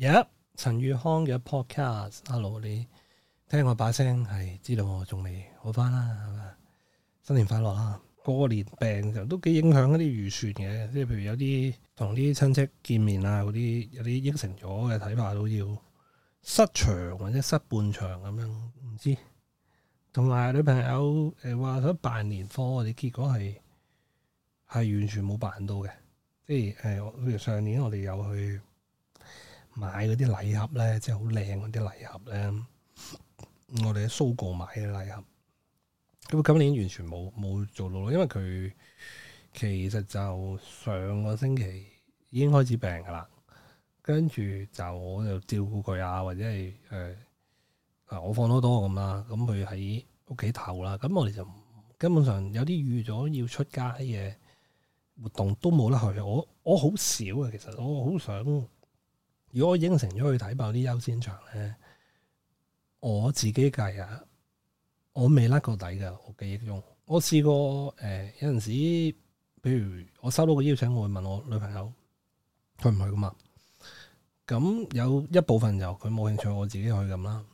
呀，陳宇、yeah, 康嘅 podcast，阿盧你聽我把聲係知道我仲未好返啦，係咪？新年快樂啦！過年病就都幾影響一啲預算嘅，即係譬如有啲同啲親戚見面啊，嗰啲有啲應承咗嘅，睇怕都要失場或者失半場咁樣，唔知。同埋女朋友誒話想辦年貨，你結果係係完全冇辦到嘅，即係誒，譬、呃、如上年我哋有去。買嗰啲禮盒咧，即係好靚嗰啲禮盒咧，我哋喺蘇購買嘅禮盒，咁今年完全冇冇做到咯，因為佢其實就上個星期已經開始病㗎喇，跟住就我就照顧佢啊，或者係誒啊我放多多咁啦，咁佢喺屋企唞啦，咁我哋就根本上有啲預咗要出街嘅活動都冇得去，我我好少啊，其實我好想。如果我應承咗去睇爆啲優先場咧，我自己計啊，我未甩過底噶。我記憶中，我試過誒、呃、有陣時，譬如我收到個邀請，我會問我女朋友去唔去噶嘛。咁有一部分就佢冇興趣，我自己去咁啦。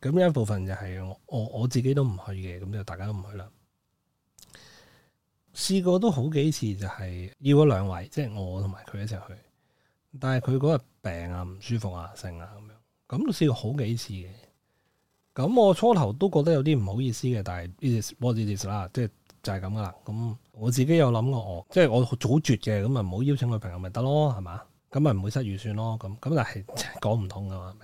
咁有一部分就係我我自己都唔去嘅，咁就大家都唔去啦。試過都好幾次，就係要咗兩位，即係我同埋佢一齊去。但係佢嗰日病啊，唔舒服啊，成啊咁樣，咁試過好幾次嘅。咁我初頭都覺得有啲唔好意思嘅，但係 It is what it is 啦，即係就係咁噶啦。咁我自己有諗過，我即係我早絕嘅，咁啊唔好邀請女朋友咪得咯，係嘛？咁啊唔會失預算咯。咁咁但係講唔通噶嘛？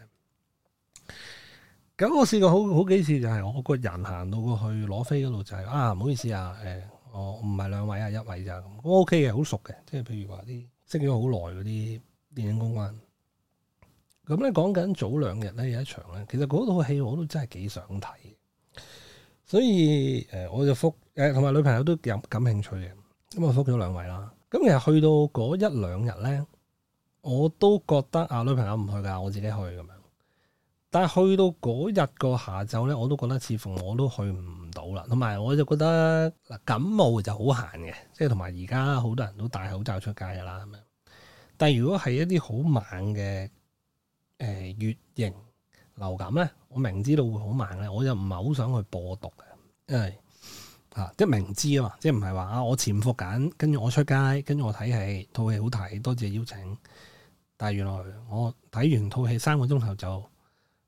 咁我試過好好幾次，就係我個人行到過去攞飛嗰度就係、是、啊，唔好意思啊，誒、欸，我唔係兩位啊，一位咋咁？我 OK 嘅，好熟嘅，即係譬如話啲識咗好耐嗰啲。電影公關咁咧，講緊早兩日咧，有一場咧，其實嗰套戲我都真係幾想睇，所以誒我就復誒同埋女朋友都有感興趣嘅，咁啊復咗兩位啦。咁其實去到嗰一兩日咧，我都覺得啊女朋友唔去噶，我自己去咁樣。但係去到嗰日個下晝咧，我都覺得似乎我都去唔到啦。同埋我就覺得嗱感冒就好閒嘅，即係同埋而家好多人都戴口罩出街噶啦咁樣。但係如果係一啲好猛嘅誒、呃、乙型流感咧，我明知道會好猛咧，我就唔係好想去播毒嘅，因為、啊、即係明知啊嘛，即係唔係話啊我潛伏緊，跟住我出街，跟住我睇戲，套戲好睇，多謝邀請。但係原來我睇完套戲三個鐘頭就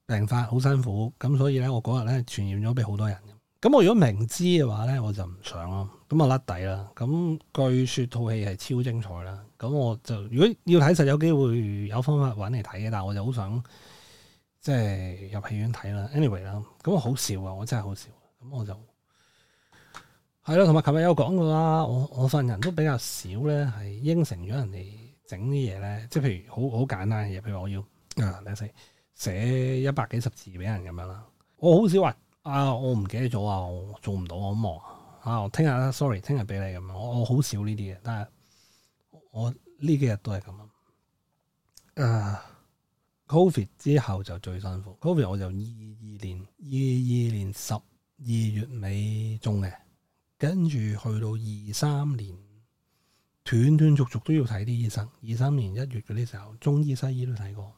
病發，好辛苦咁，所以咧我嗰日咧傳染咗俾好多人。咁我如果明知嘅話咧，我就唔想咯，咁啊甩底啦。咁據說套戲係超精彩啦，咁我就如果要睇實有機，有機會有方法搵嚟睇嘅但係我就好想即係入戲院睇啦。Anyway 啦，咁我好少啊，我真係好少啊。咁我就係咯，同埋琴日有講過啦，我我份人都比較少咧，係應承咗人哋整啲嘢咧，即係譬如好好簡單嘅嘢，譬如我要啊，等下寫一百幾十字俾人咁樣啦，我好少啊。啊！我唔記得咗啊！我做唔到，我好忙啊！我聽日啦，sorry，聽日俾你咁樣。我我好少呢啲嘅，但係我呢幾日都係咁啊。Covid 之後就最辛苦。Covid 我就二二年二二年十二月尾中嘅，跟住去到二三年斷斷續續都要睇啲醫生。二三年一月嗰啲時候，中醫西醫都睇過，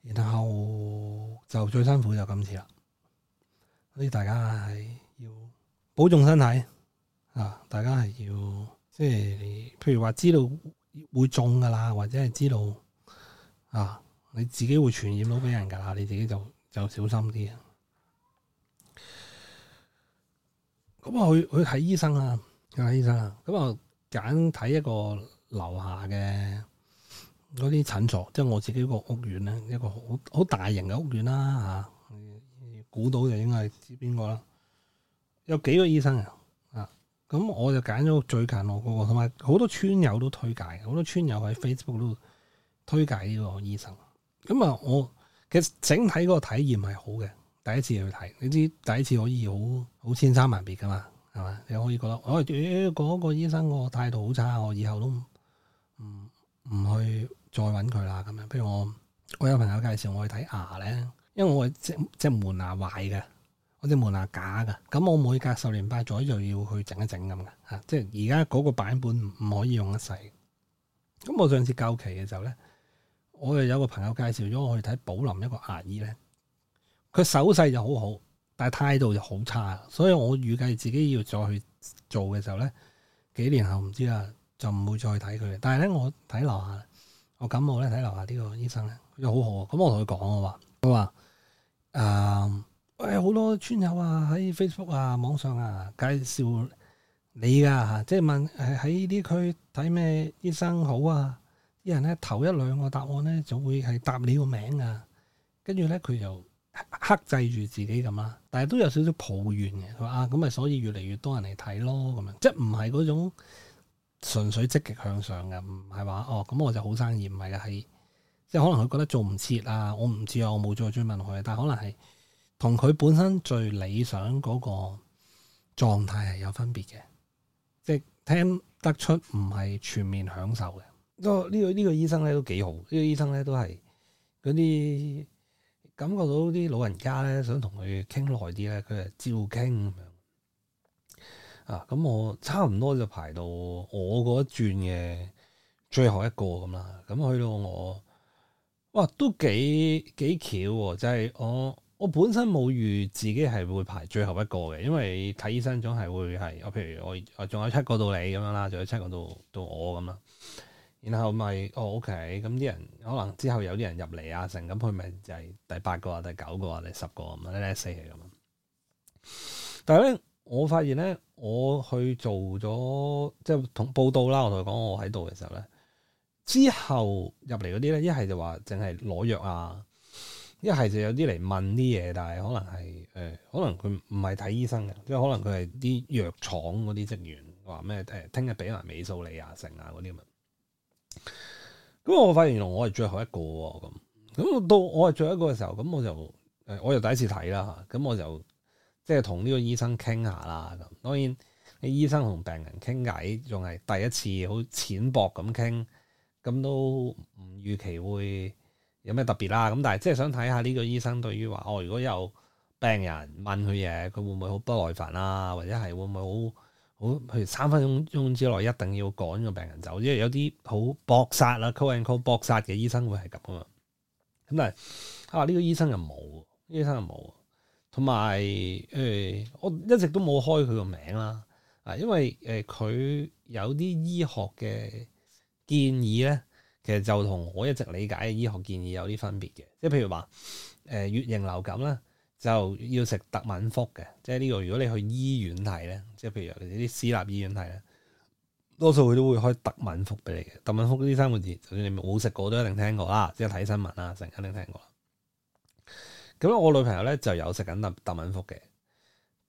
然後，嗯就最辛苦就今次啦，所以大家係要保重身體啊！大家係要即係，你譬如話知道會中噶啦，或者係知道啊，你自己會傳染到俾人噶啦，你自己就就小心啲。咁啊，去去睇醫生啊，睇醫生啦。咁啊，揀睇一個樓下嘅。嗰啲診所，即係我自己個屋苑咧，一個好好大型嘅屋苑啦，吓、啊，估到就應該係知邊個啦。有幾個醫生嘅，啊，咁我就揀咗最近我嗰個，同埋好多村友都推介，好多村友喺 Facebook 都推介呢個醫生。咁啊，我其實整體嗰個體驗係好嘅。第一次去睇，你知第一次可以好好千差萬別噶嘛，係嘛？你可以覺得，哎，嗰、嗰個醫生個態度好差，我以後都唔唔去。再揾佢啦，咁樣。譬如我，我有朋友介紹我去睇牙咧，因為我即隻門牙壞嘅，我隻門牙假嘅。咁我每隔十年八載就要去整一整咁嘅嚇，即係而家嗰個版本唔可以用一世。咁我上次夠期嘅時候咧，我又有個朋友介紹咗我去睇寶林一個牙醫咧，佢手勢就好好，但係態度就好差，所以我預計自己要再去做嘅時候咧，幾年後唔知啦，就唔會再睇佢。但係咧，我睇樓下。我感冒咧，睇樓下呢個醫生咧，又好好，咁我同佢講我話佢話誒，喂，好多村友啊，喺 Facebook 啊、網上啊介紹你噶，即係問係喺呢區睇咩醫生好啊。啲人咧頭一兩個答案咧，就會係答你個名啊。跟住咧，佢就克制住自己咁啦。但係都有少少抱怨嘅，佢話啊，咁咪所以越嚟越多人嚟睇咯，咁樣即係唔係嗰種。純粹積極向上嘅，唔係話哦咁我就好生意，唔係嘅，係即係可能佢覺得做唔切啊，我唔知啊，我冇再追問佢，但可能係同佢本身最理想嗰個狀態係有分別嘅，即係聽得出唔係全面享受嘅。呢、哦呢個呢個呢個醫生咧都幾好，呢、呢個醫生咧都係嗰啲感覺到啲老人家咧想同佢傾耐啲咧，佢係照傾。啊，咁我差唔多就排到我嗰一轉嘅最後一個咁啦。咁去到我，哇，都幾幾巧喎、啊！就係、是、我我本身冇預自己係會排最後一個嘅，因為睇醫生總係會係我，譬如我仲有七個到你咁樣啦，仲有七個到到我咁啦。然後咪哦 OK，咁啲人可能之後有啲人入嚟啊，成咁佢咪就係第八個啊、第九個啊、第十個咁咧咧四係咁。但係咧。我發現咧，我去做咗即係同報道啦。我同佢講我喺度嘅時候咧，之後入嚟嗰啲咧，一係就話淨係攞藥啊，一係就有啲嚟問啲嘢，但係可能係誒、哎，可能佢唔係睇醫生嘅，即係可能佢係啲藥廠嗰啲職員，話咩誒，聽日俾埋美蘇利亞成啊嗰啲咁。咁我發現，原來我係最後一個咁、哦。咁到我係最後一個嘅時候，咁我就誒，我又第一次睇啦。咁我就。即係同呢個醫生傾下啦，咁當然你醫生同病人傾偈仲係第一次淺，好淺薄咁傾，咁都唔預期會有咩特別啦。咁但係即係想睇下呢個醫生對於話哦，如果有病人問佢嘢，佢會唔會好不耐煩啊？或者係會唔會好好譬如三分鐘之內一定要趕個病人走，因為有啲好搏殺啦，call 搏殺嘅醫生會係咁啊嘛。咁但係啊，呢、呢個醫生又冇，呢個、醫生又冇。同埋誒，我一直都冇開佢個名啦，啊，因為誒佢、呃、有啲醫學嘅建議咧，其實就同我一直理解嘅醫學建議有啲分別嘅，即係譬如話誒，乙、呃、型流感咧就要食特敏福嘅，即係呢個如果你去醫院睇咧，即係譬如有啲私立醫院睇咧，多數佢都會開特敏福俾你嘅。特敏福呢三個字，就算你冇食過都一定聽過啦，即係睇新聞啦，成日肯定聽過。咁咧，我女朋友咧就有食緊特特敏福嘅。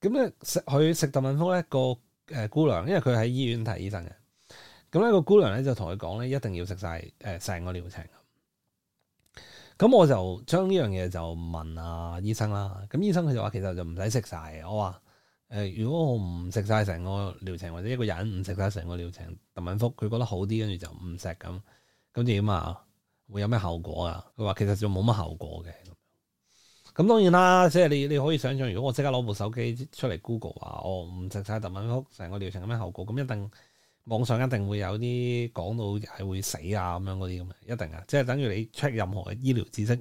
咁咧食佢食特敏福咧，那個誒姑娘，因為佢喺醫院睇醫生嘅。咁、那、咧個姑娘咧就同佢講咧，一定要食晒誒成個療程。咁我就將呢樣嘢就問啊醫生啦。咁醫生佢就話其實就唔使食晒。我話誒、呃、如果我唔食晒成個療程，或者一個人唔食晒成個療程，特敏福佢覺得好啲，跟住就唔食咁咁點啊？會有咩效果啊？佢話其實就冇乜效果嘅。咁當然啦，即係你你可以想象，如果我即刻攞部手機出嚟 Google 啊，我唔食晒特敏福成個療程咁樣後果，咁一定網上一定會有啲講到係會死啊咁樣嗰啲咁，一定啊，即係等於你 check 任何嘅醫療知識，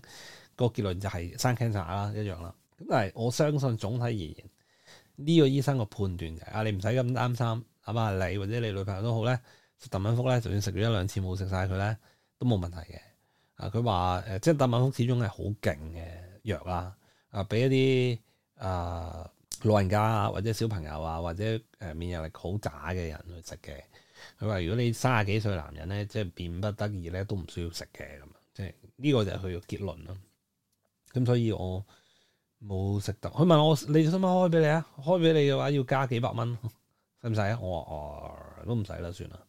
個結論就係生 cancer 啦一樣啦。咁但係我相信總體而言呢、呢個醫生個判斷嘅、就、啊、係，你唔使咁擔心，係嘛，你或者你女朋友都好咧，食特敏福咧，就算食咗一兩次冇食晒佢咧都冇問題嘅。啊，佢話誒，即係特敏福始終係好勁嘅。藥啦，啊，俾一啲啊、呃、老人家啊，或者小朋友啊，或者誒、呃、免疫力好渣嘅人去食嘅。佢話：如果你三十幾歲男人咧，即係迫不得已咧，都唔需要食嘅咁啊。即係呢、這個就係佢嘅結論啦。咁、嗯、所以我冇食得。佢問我：你使唔使開俾你啊？開俾你嘅話，要加幾百蚊，使唔使啊？我話：哦，都唔使啦，算啦。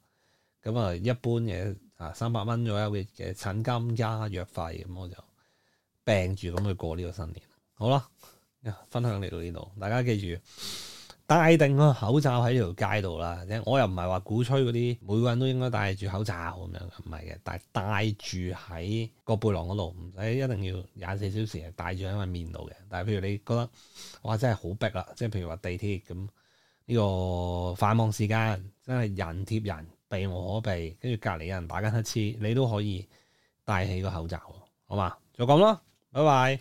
咁、嗯、啊，一般嘅啊三百蚊左右嘅嘅診金加藥費，咁我就。病住咁去過呢個新年，好啦，分享嚟到呢度，大家記住戴定個口罩喺條街度啦。我又唔係話鼓吹嗰啲每個人都應該戴住口罩咁樣，唔係嘅，但係戴住喺個背囊嗰度，唔使一定要廿四小時係戴住喺個面度嘅。但係譬如你覺得哇真係好逼啦，即係譬如話地鐵咁呢個繁忙時間，真係人貼人，避無可避，跟住隔籬有人打緊乞嗤，你都可以戴起個口罩，好嘛？就咁咯。拜拜。